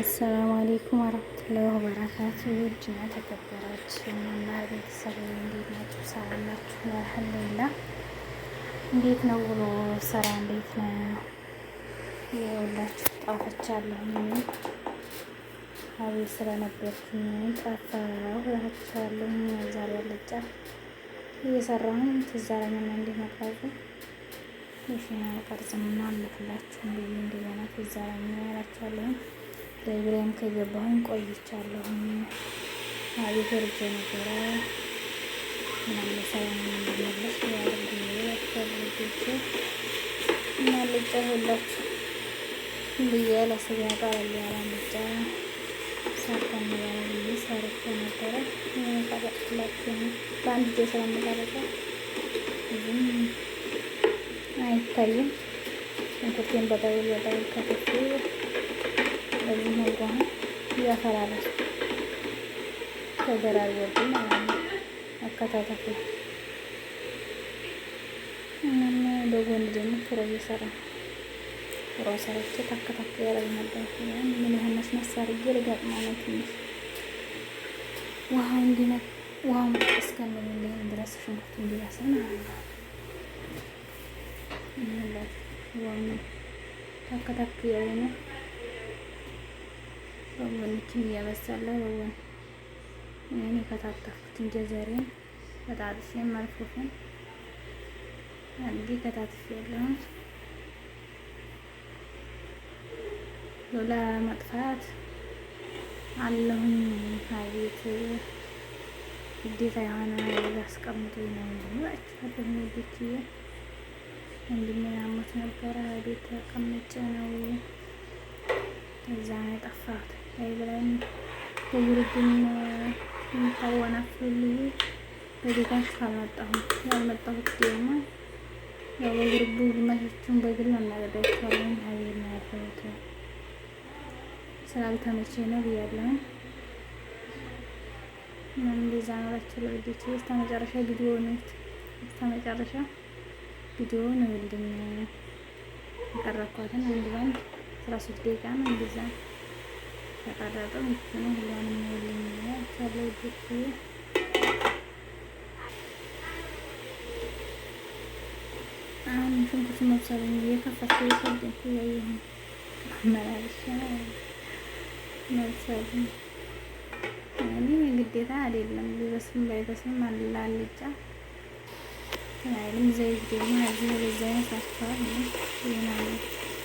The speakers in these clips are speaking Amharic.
አሰላሙ አሌይኩም ወረህመቱላሂ ወበረካቱ። ውድና ተከበራችሁ እና ቤተሰብ እንዴት ናችሁ? ሰላም ናችሁ? አልሐምዱሊላህ። እንዴት ነው ብሎ ስራ እንዴት ነው? ይኸውላችሁ ጠፍቻለሁኝ። አቤት ስለነበርኩኝ ጠፋሁ እላችኋለሁ። ዛሬ አልጫ እየሰራሁኝ ትዝ እንዴት መቅረጹ የፊና ቀርጽ ምናምን ልክላችሁ ብዬ እንደገና ትዝ ላይብራሪም ከገባሁኝ ቆይቻለሁ። አቤት ወርጄ ነበረ ምናመሳይ መለስ ያደርግፈልግች እና ልጫ ሁላችሁ ብዬ ለስጋ ቃል ያለ ልጫ ያለ ሰርቼ ነበረ። ቀረጥላችሁ በአንድ ጊዜ ስለምቀረጠ አይታይም ሽንኩርቴን በጠውል በጠውል ከትፌ በዚህ መልኩ አሁን እያፈራረሱ ተደራርቦት ማለት ነው። አከታተፍ እና በጎን ደግሞ ሽሮ እየሰራ ሽሮ ሰርቼ ተከታተ ያለኝ ነበር። ያን ምን ያህል መስመሳር ይገርጋል ማለት ነው። ውሃው እንዲነክ ውሃው እስከምንለኝ ድረስ ሽንኩርት እንዲያሰ ማለት ነው። ታከታፍ ያረግ ነው በጎንችን እያበሰለው በጎን እኔ ከታተፍኩት እንጀዘሬን በጣጥሴን መርፉፍን አንዴ ከታትፍ ያለውን ሎላ መጥፋት አለሁኝ አቤት ግዴታ የሆነ አስቀምጦ ነው ላችኋለሁ። ቤት ወንድሜን አሞት ነበረ ቤት ተቀምጬ ነው እዛ ነው የጠፋሁት። ብለን የጉርድን ታወናፍሉ በቤታች አልመጣሁም። ያልመጣሁት ደግሞ ያው በግርቡ ግማሾቹን በግል አናገዳቸዋለን። ሀይል ያለሁት ስራ ነው ብያለሁኝ። ምን እንደዛ ኖራቸው ለልጆች እስከ መጨረሻ ቪዲዮውን እስከ መጨረሻ ቪዲዮውን እውልኝ የቀረኳትን አንድ ባንድ አስራ ሶስት ደቂቃ ነው እንደዛ ተቀረጠው ምስኑ ሁሉንም ይልኛል ያለው ድርሱ አሁን ሽንኩርት መብሰሉን እየከፈቱ የከብደቱ ላይ መላልሻ መብሰሉን እኔ ግዴታ አይደለም ቢበስም ባይበስም አላልጫ አይልም ዘይት ደግሞ እዚህ በዛ ያሳቸዋል ይሆናል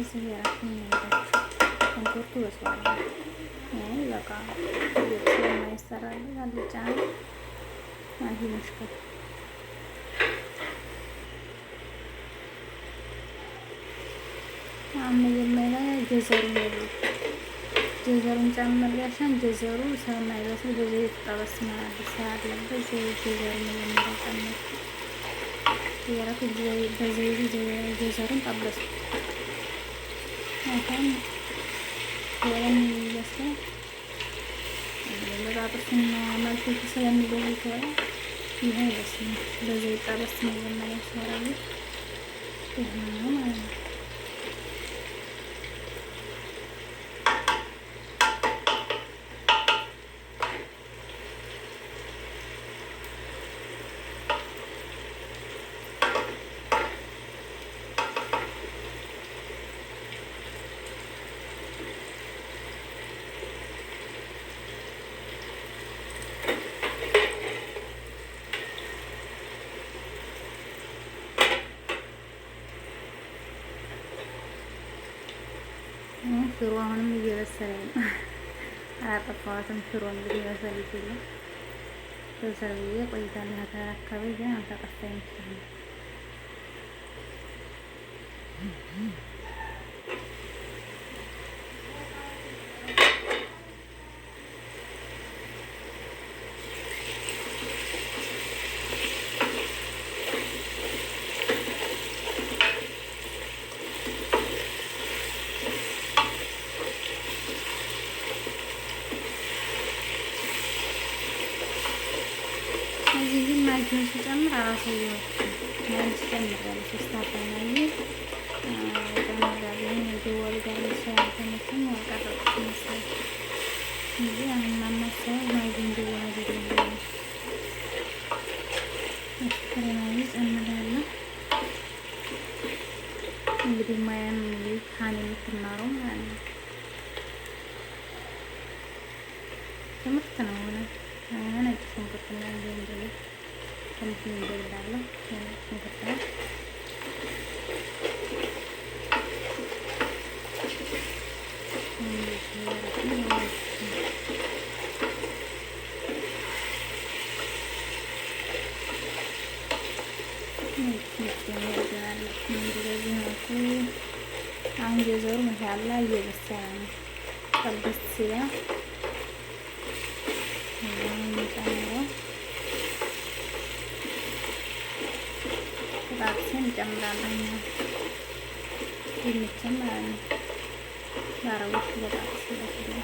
እዚህ የራሱ የሚያደርጋችሁ ሽንኩርቱ በስሏል። በቃ ስለማይሰራል አልጫ ማሂ ሙሽክል መጀመሪያ ጀዘሩን ጀዘሩን ጨምሬያሽን ጀዘሩ ስለማይበስል በዘይት ጠበስ ስላለበት ጀዘሩን መጀመሪያ ጨምር ያረኩ ጀዘሩን ጠበስኩ። በጣም ወይም ይመስላል መጣጥፍና መልፎቹ ስለሚለዩት ይሄ ይመስላል። በዘይት ጣበስ ነው የመጀመሪያ ሰራሉ ነው ማለት ነው። ሽሮ አሁንም እየበሰለ ነው። አላጠፋዋትም። ሽሮ እንግዲህ በሰል ይችላል በሰል ብዬ ቆይታለሁ። ግን አልተጠፋ ይመስላል። ማንኪን ሲጨምር አራሳ እያወጡ ማን ሲጨምራል ሶስት ጨምራለሁ። ደወል ጋር ስላልተመቸኝ ያቀረቁት ይመስላል እንጂ አሁን ማማሰብ ማይግን ደወል አይደለም። ክሬማዊ ጨምራለሁ። እንግዲህ ማያም ሀን የምትማረው ማለት ነው። ትምህርት ነው ሆነ ነጭ ሽንኩርትና እንዲሁም ትንሽ ምንድን ብላለሁ ሽንኩርት ነው። አሁን የዘሩ መሻላ እየበሰለ ነው። ጠበስ ሲያ macam ranahnya ini cuman marawis buat ini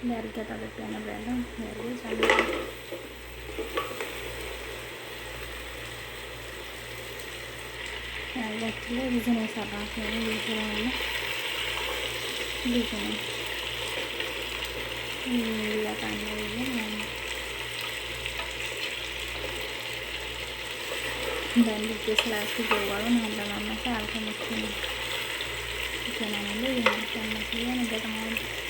dari kita kata yang berantem dari sampai ሁለት ላይ ብዙ ነው የሰራሁት ነው ብዙ ነው ብዙ ነው በጣም ነው አንዳንድ ጊዜ ስላልኩ ጀዋሉን ለማማሰል አልተመቸኝም። ገና ነው ይህ ማማሰያ ነገር ማለት ነው።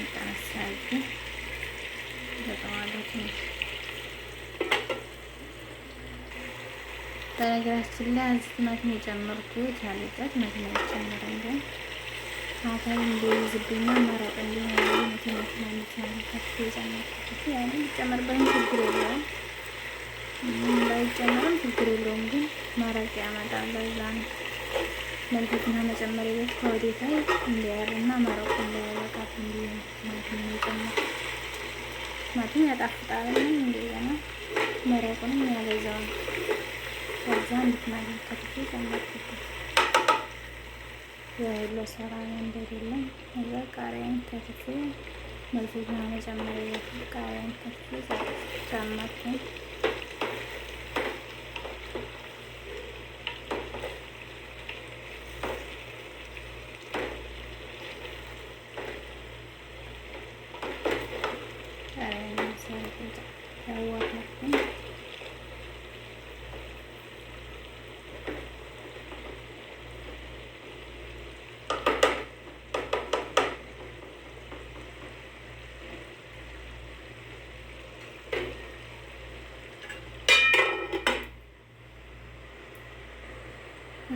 የተነሳ ግን በጠዋለው ትንሽ በነገራችን ላይ አንስ ቲማቲም የጨመርኩት ያለ ቲማቲም አይጨመርም። ግን አተር እንዲይዝብኝ መረቅ እንዲሆን ቲማቲም የሚጨምርበት የጨመርኩት ያለ ሊጨመርበትም ችግር የለውም፣ ባይጨመርም ችግር የለውም። ግን መረቅ ያመጣል ለዛ ነው። ለልጅና መጨመሪያ ቤት ከወዴት ላይ እንዲያር እና መረቁ እንዲያወጣት እንዲሁም ማቱን ይጨምር። ማቱን ያጣፍጣል። እንደገና መረቁንም ያበዛዋል። ከዛ እንድትማግኘት ከትፍ ጨመርኩበት። የሁሎ ሰራ እንደሌለም እዛ ቃሪያን ከትፍ መልሶና መጨመሪያ ቤት ቃሪያን ከትፍ ጨመርኩ።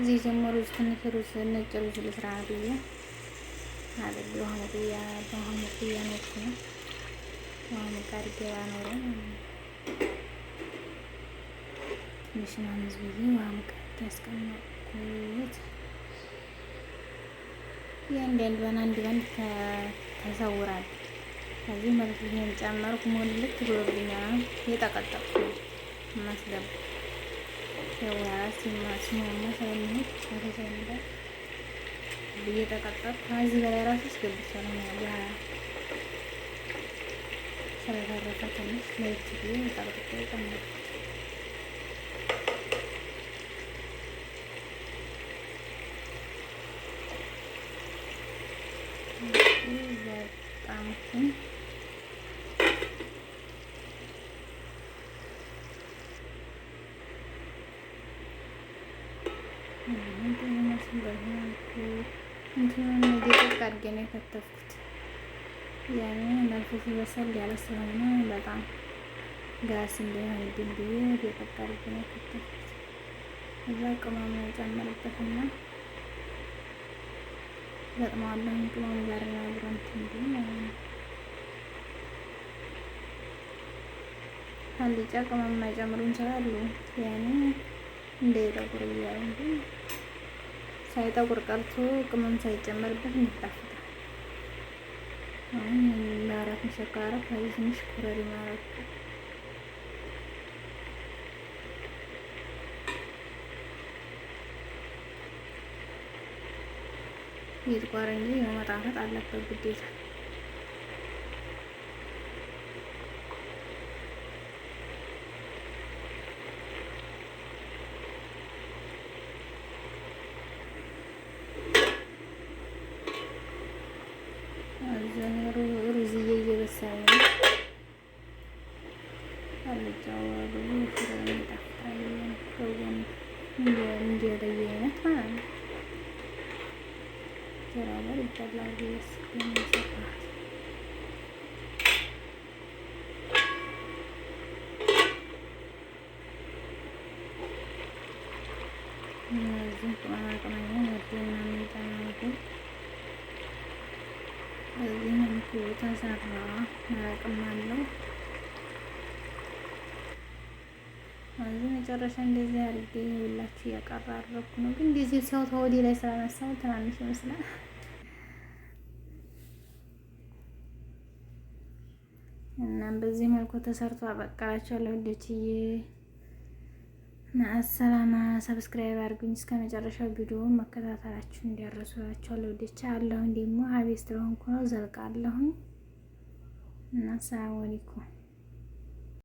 እዚህ ጀምሮ ሩዝ ትንሽ ሩዝ ነጭ ሩዝ ልስራ ብዬ ጥያ በሆነ ጥያ ነጭ ነው በሆነ ቃርጌ ባኖረ ትንሽ ማምዝ ብዬ ውሃ ቃርጌ ያስቀመጥኩት እያንዳንድ ባን አንድ ባንድ ተሰውራል። ከዚህ ይሄን ጨመርኩ ሞልልክ ብሎልኛል። የጠቀጠቅኩ ማስገባ ya was mas mama saya ini harus saya minta kita tetap masih dari rasa sudah bisa mengajar saya harus saya tulis dari sini kita tetap kita mau Thank mm -hmm. you. እንትን ዲቅቅ አድርጌ ነው የከተፍኩት። ያኔ መልፉ ሲበሰል ያለ ስለሆነ በጣም ጋስ እንዲሆንብኝ ብዬ ዲቅቅ አድርጌ ነው የከተፍኩት። እዛ ቅመም ጨምርበትና ገጥመዋለሁ። ቅመም ጋር ነው አብሮ እንትን እንዲህ ማለት ነው። አልጫ ቅመም የማይጨምሩ ይችላሉ። ያኔ እንደ ጠቁር እያሉ እንጂ ሳይጠቁር ቀርቶ ቅመም ሳይጨመርበት ይጣፍጣል። አሁን ለአራት መሸካረ ከዚህ ትንሽ ኮረሪማ አረኩ። ይጥቋር እንጂ የመጣፈጥ አለበት ግዴታ Jangan rusiye juga sayang. Aduh cowok, gue kurangin tak payah. Kau kan, ini ini ada yang mana? Coba kita beli yang sepat. Nanti በዚህ መልኩ የተሰራ መረቅም አለው። እዚህ መጨረሻ እንደዚህ አድርጌ ሁላችሁ እያቀራረብኩ ነው። ግን እንደዚህ ሰው ተወዲ ላይ ስላነሳው ትናንሽ ይመስላል። እናም በዚህ መልኩ ተሰርቶ አበቃላችኋለሁ ልጆችዬ። አሰላማ ሰብስክራይብ አድርጉኝ። እስከ መጨረሻው ቪዲዮውን መከታተላችሁ እንዲያረሱላቸው አለሁኝ ደግሞ ስለሆንኩ ነው ዘልቃለሁኝ እና ሰላም አለይኩም